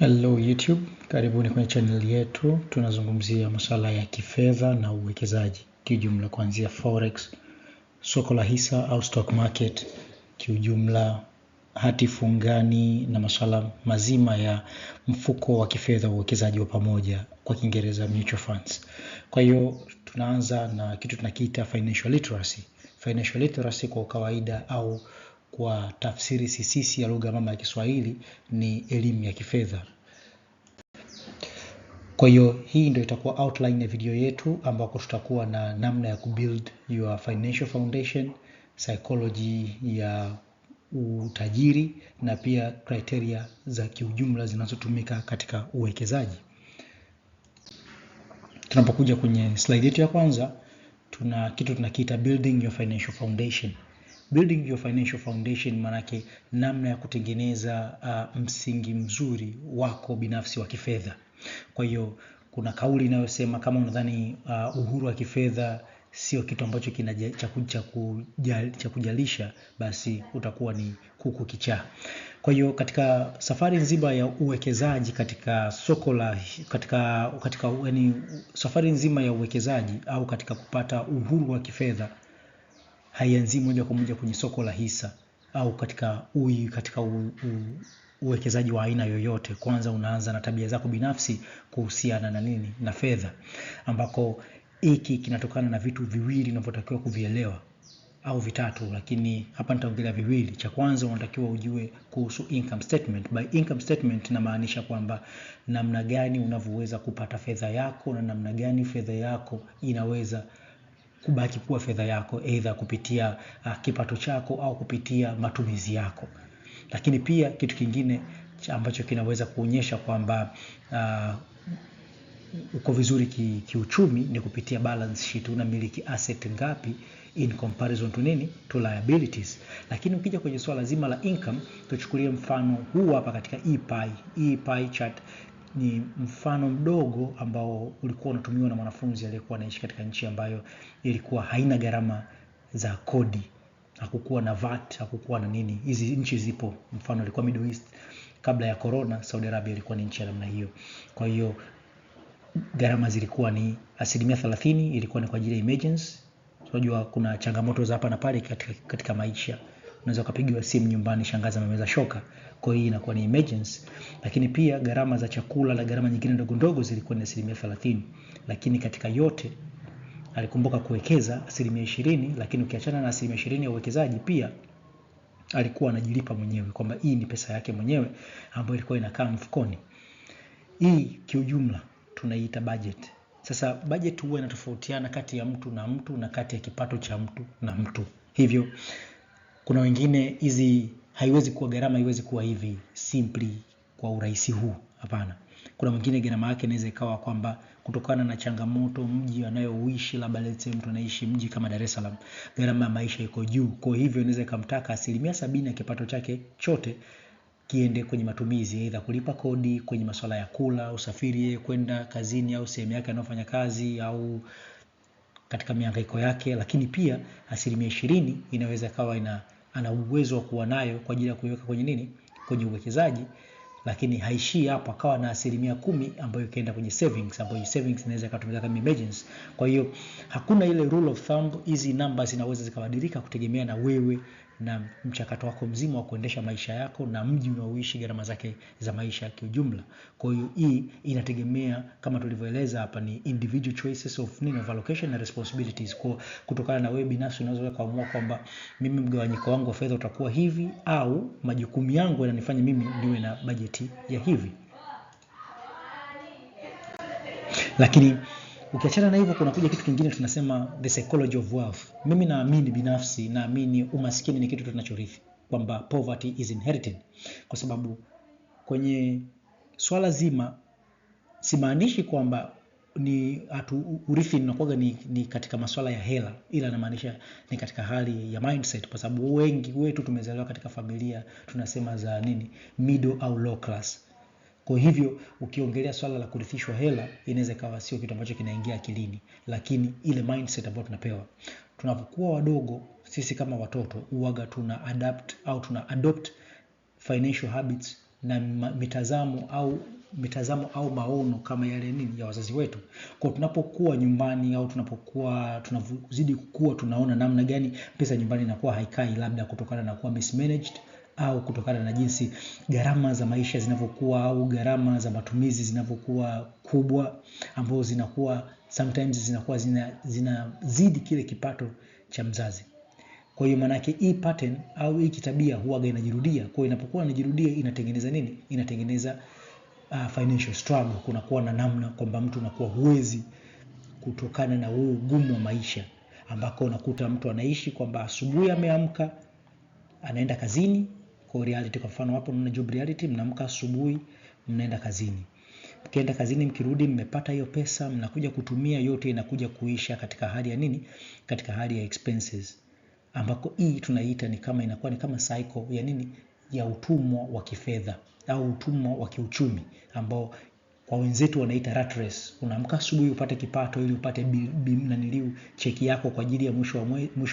Hello YouTube, karibuni kwenye channel yetu. Tunazungumzia masuala ya kifedha na uwekezaji kiujumla, kuanzia forex, soko la hisa au stock market kiujumla, hati fungani na masuala mazima ya mfuko wa kifedha, uwekezaji wa pamoja, kwa Kiingereza mutual funds. Kwa hiyo tunaanza na kitu tunakiita financial literacy. Financial literacy kwa kawaida au kwa tafsiri sisisi ya lugha mama ya Kiswahili ni elimu ya kifedha. Kwa hiyo hii ndio itakuwa outline ya video yetu ambako tutakuwa na namna ya kubuild your financial foundation, psychology ya utajiri na pia criteria za kiujumla zinazotumika katika uwekezaji. Tunapokuja kwenye slide yetu ya kwanza, tuna kitu tunakiita building your financial foundation building your financial foundation maanake namna ya kutengeneza uh, msingi mzuri wako binafsi wa kifedha. Kwa hiyo kuna kauli inayosema kama unadhani uh, uhuru wa kifedha sio kitu ambacho kina cha kujalisha, basi utakuwa ni kuku kichaa. Kwa hiyo katika safari nzima ya uwekezaji katika soko la katika, katika, yani, safari nzima ya uwekezaji au katika kupata uhuru wa kifedha haianzii moja kwa moja kwenye soko la hisa au katika ui katika u, u, uwekezaji wa aina yoyote. Kwanza unaanza na tabia zako binafsi kuhusiana na nini na fedha, ambako hiki kinatokana na vitu viwili unavyotakiwa kuvielewa au vitatu, lakini hapa nitaongelea viwili. Cha kwanza unatakiwa ujue kuhusu income statement. By income statement namaanisha kwamba namna gani unavyoweza kupata fedha yako na namna gani fedha yako inaweza kubaki kuwa fedha yako, aidha kupitia uh, kipato chako au kupitia matumizi yako. Lakini pia kitu kingine ambacho kinaweza kuonyesha kwamba uh, uko vizuri ki, kiuchumi ni kupitia balance sheet, unamiliki asset ngapi in comparison to nini to liabilities. Lakini ukija kwenye swala zima la income, tuchukulie mfano huu hapa katika EPI, EPI chart ni mfano mdogo ambao ulikuwa unatumiwa na mwanafunzi aliyekuwa anaishi katika nchi ambayo ilikuwa haina gharama za kodi hakukuwa na VAT, hakukuwa na nini. Hizi nchi zipo, mfano ilikuwa Middle East kabla ya corona. Saudi Arabia ilikuwa ni nchi ya namna hiyo. Kwa hiyo gharama zilikuwa ni asilimia thelathini ilikuwa ni kwa ajili ya emergency. Unajua kuna changamoto za hapa na pale katika, katika maisha unaweza ukapigiwa simu nyumbani, shangazi ameweza shoka. Kwa hiyo inakuwa ni emergency. Lakini pia gharama za chakula na gharama nyingine ndogo ndogo zilikuwa ni asilimia thelathini, lakini katika yote alikumbuka kuwekeza asilimia ishirini, lakini ukiachana na asilimia ishirini ya uwekezaji pia alikuwa anajilipa mwenyewe kwamba hii ni pesa yake mwenyewe ambayo ilikuwa inakaa mfukoni. Hii kiujumla tunaiita budget. Sasa budget huwa inatofautiana kati ya mtu na mtu na kati ya kipato cha mtu na mtu. Hivyo kuna wengine hizi haiwezi kuwa gharama, haiwezi kuwa hivi simply kwa urahisi huu, hapana. Kuna mwingine gharama yake inaweza ikawa kwamba kutokana na changamoto mji anayouishi, labda let's mtu anaishi mji kama Dar es Salaam, gharama ya maisha iko juu. Kwa hivyo inaweza ikamtaka asilimia sabini ya kipato chake chote kiende kwenye matumizi, aidha kulipa kodi, kwenye masuala ya kula, usafiri, kwenda kazini au sehemu yake anayofanya kazi au katika miangaiko yake, lakini pia asilimia ishirini inaweza ikawa ina ana uwezo wa kuwa nayo kwa ajili ya kuiweka kwenye nini, kwenye uwekezaji, lakini haishii hapo, akawa na asilimia kumi ambayo ikaenda kwenye savings, ambayo savings inaweza ikatumika kama emergency. Kwa hiyo hakuna ile rule of thumb, hizi namba zinaweza zikabadilika kutegemea na wewe na mchakato wako mzima wa kuendesha maisha yako na mji unaoishi gharama zake za maisha kiujumla kwa hiyo hii inategemea kama tulivyoeleza hapa ni individual choices of nini of allocation na responsibilities kwa kutokana na wewe binafsi unaweza kuamua kwamba mimi mgawanyiko wangu wa fedha utakuwa hivi au majukumu yangu yananifanya mimi niwe na bajeti ya hivi lakini Ukiachana na hivyo, kunakuja kitu kingine tunasema the psychology of wealth. Mimi naamini binafsi, naamini umaskini ni kitu tunachorithi, kwamba poverty is inherited, kwa sababu kwenye swala zima simaanishi kwamba ni hatu urithi inakuwaga ni, ni katika masuala ya hela, ila namaanisha ni katika hali ya mindset, kwa sababu wengi wetu tumezaliwa katika familia tunasema za nini middle au low class kwa hivyo ukiongelea swala la kurithishwa hela, inaweza ikawa sio kitu ambacho kinaingia akilini, lakini ile mindset ambayo tunapewa tunapokuwa wadogo, sisi kama watoto uwaga tuna adapt au tuna adopt financial habits na mitazamo au mitazamo au maono kama yale nini ya wazazi wetu. Kwa tunapokuwa nyumbani au tunapokuwa tunazidi kukua, tunaona namna gani pesa nyumbani inakuwa haikai, labda kutokana na kuwa mismanaged au kutokana na jinsi gharama za maisha zinavyokuwa au gharama za matumizi zinavyokuwa kubwa ambazo zinakuwa sometimes zinakuwa zinazidi zina, kile kipato cha mzazi kwa hiyo maanake hii pattern au hii kitabia huwaga inajirudia kwao inapokuwa inajirudia inatengeneza nini inatengeneza uh, financial struggle kunakuwa na namna kwamba mtu unakuwa huwezi kutokana na huu ugumu wa maisha ambako unakuta mtu anaishi kwamba asubuhi ameamka anaenda kazini kwa reality kwa mfano hapo na job reality, mnaamka asubuhi, mnaenda kazini. Mkienda kazini mkirudi mmepata hiyo pesa, mnakuja kutumia yote inakuja kuisha katika hali ya nini? Katika hali ya expenses. Ambako hii tunaiita ni kama inakuwa ni kama cycle ya nini? Ya utumwa wa kifedha au utumwa wa kiuchumi ambao kwa wenzetu wanaita rat race. Unaamka asubuhi upate kipato ili upate naniliu cheki yako kwa ajili ya mwisho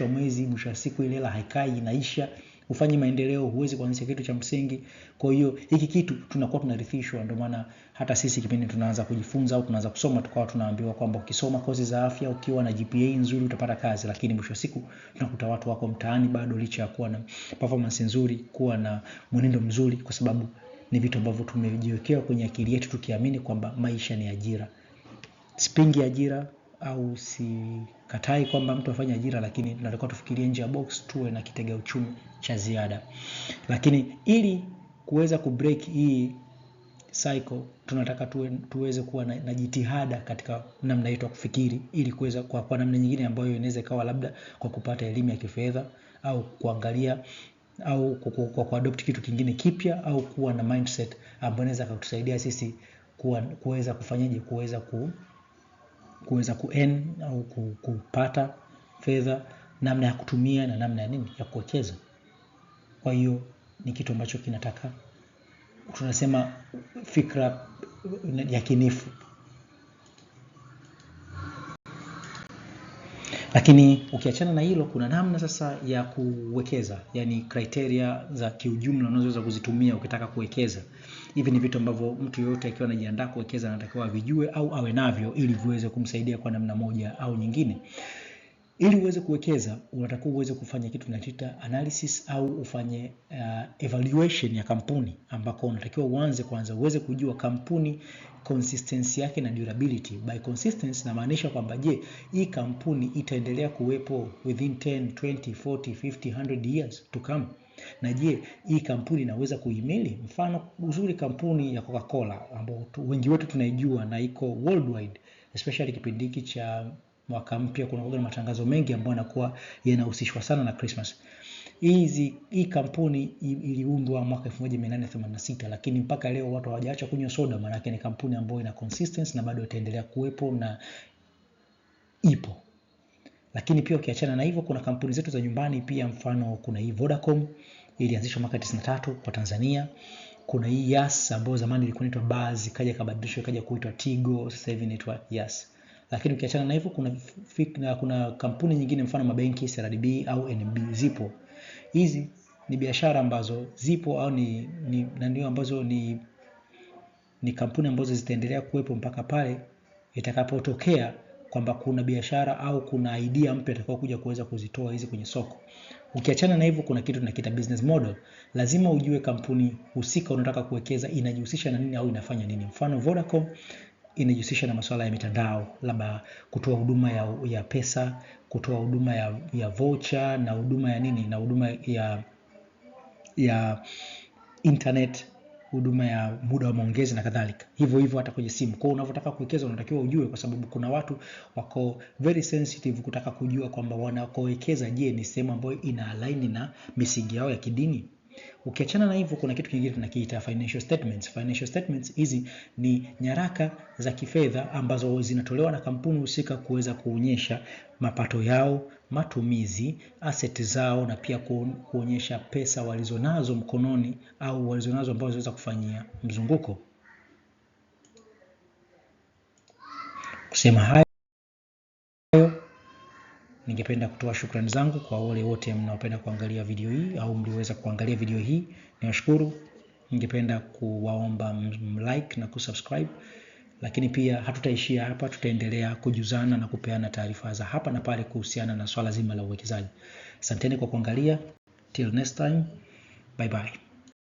wa mwezi, mwisho wa siku ile haikai inaisha hufanyi maendeleo, huwezi kuanzisha kitu cha msingi. Kwa hiyo hiki kitu tunakuwa tunarithishwa, ndio maana hata sisi kipindi tunaanza kujifunza au tunaanza kusoma tukawa tunaambiwa kwamba ukisoma kozi za afya ukiwa na GPA nzuri utapata kazi, lakini mwisho wa siku tunakuta watu wako mtaani bado licha ya kuwa na performance nzuri, kuwa na mwenendo mzuri, kwa sababu ni vitu ambavyo tumejiwekea kwenye akili yetu tukiamini kwamba maisha ni ajira. Sipingi ajira, au sikatai kwamba mtu afanye ajira, lakini tunatakiwa tufikirie nje ya box, tuwe na kitega uchumi cha ziada. Lakini ili kuweza kubreak hii cycle tunataka tuwe, tuweze kuwa na, na jitihada katika namna yetu ya kufikiri ili kuweza kwa, kwa namna nyingine ambayo inaweza ikawa labda kwa kupata elimu ya kifedha au kuangalia au kwa kuadopt kitu kingine kipya au kuwa na mindset ambayo inaweza kutusaidia sisi kuweza kufanyaje kuweza ku kuweza ku au kupata fedha, namna ya kutumia na namna ya nini ya kuwekeza. Kwa hiyo ni kitu ambacho kinataka tunasema fikra yakinifu. Lakini ukiachana na hilo, kuna namna sasa ya kuwekeza, yani criteria za kiujumla unazoweza kuzitumia ukitaka kuwekeza. Hivi ni vitu ambavyo mtu yoyote akiwa anajiandaa kuwekeza anatakiwa avijue au awe navyo, ili viweze kumsaidia kwa namna moja au nyingine. Ili uweze kuwekeza unatakiwa uweze kufanya kitu tunachoita analysis au ufanye uh, evaluation ya kampuni ambako unatakiwa uanze kwanza uweze kujua kampuni consistency yake na durability. By consistency namaanisha kwamba je, hii kampuni itaendelea kuwepo within 10, 20, 40, 50, 100 years to come na je hii kampuni inaweza kuhimili? Mfano uzuri kampuni ya Coca-Cola ambao wengi wetu tunaijua na iko worldwide especially kipindi hiki cha mwaka mpya, kuna kuwaga na matangazo mengi ambayo yanakuwa yanahusishwa sana na Christmas. Hizi hii kampuni iliundwa mwaka 1886 lakini mpaka leo watu hawajaacha kunywa soda, maana ni kampuni ambayo ina consistency na bado itaendelea kuwepo na ipo. Lakini pia ukiachana na hivyo, kuna kampuni zetu za nyumbani pia, mfano kuna hii Vodacom ilianzishwa mwaka 93 kwa Tanzania kuna hii Yas ambayo zamani ilikuwa inaitwa Baz, ikaja kabadilishwa, ikaja kuitwa Tigo, sasa hivi inaitwa Yas. Lakini ukiachana na hivyo, kuna, kuna kampuni nyingine mfano mabenki CRDB au NMB zipo. Hizi ni biashara ambazo zipo au ni, ni, na ndio ambazo ni, ni kampuni ambazo zitaendelea kuwepo mpaka pale itakapotokea kwamba kuna biashara au kuna idea mpya itakao kuja kuweza kuzitoa hizi kwenye soko. Ukiachana na hivyo, kuna kitu tunakiita business model. Lazima ujue kampuni husika unataka kuwekeza inajihusisha na nini au inafanya nini. Mfano Vodacom inajihusisha na masuala ya mitandao, labda kutoa huduma ya, ya pesa, kutoa huduma ya, ya vocha na huduma ya nini na huduma ya ya internet huduma ya muda wa maongezi na kadhalika, hivyo hivyo hata kwenye simu. kwao unavyotaka kuwekeza, unatakiwa ujue, kwa sababu kuna watu wako very sensitive kutaka kujua kwamba wanakowekeza, je, ni sehemu ambayo ina align na misingi yao ya kidini. Ukiachana na hivyo, kuna kitu kingine tunakiita financial statements. Financial statements hizi ni nyaraka za kifedha ambazo zinatolewa na kampuni husika kuweza kuonyesha mapato yao, matumizi, asset zao na pia kuonyesha pesa walizonazo mkononi au walizonazo ambazo zinaweza kufanyia mzunguko. Kusema hayo Ningependa kutoa shukrani zangu kwa wale wote mnaopenda kuangalia video hii au mliweza kuangalia video hii. Niwashukuru. Ningependa kuwaomba mlike na kusubscribe. Lakini pia hatutaishia hapa, tutaendelea kujuzana na kupeana taarifa za hapa na pale kuhusiana na swala zima la uwekezaji. Asanteni kwa kuangalia. Till next time. Bye bye.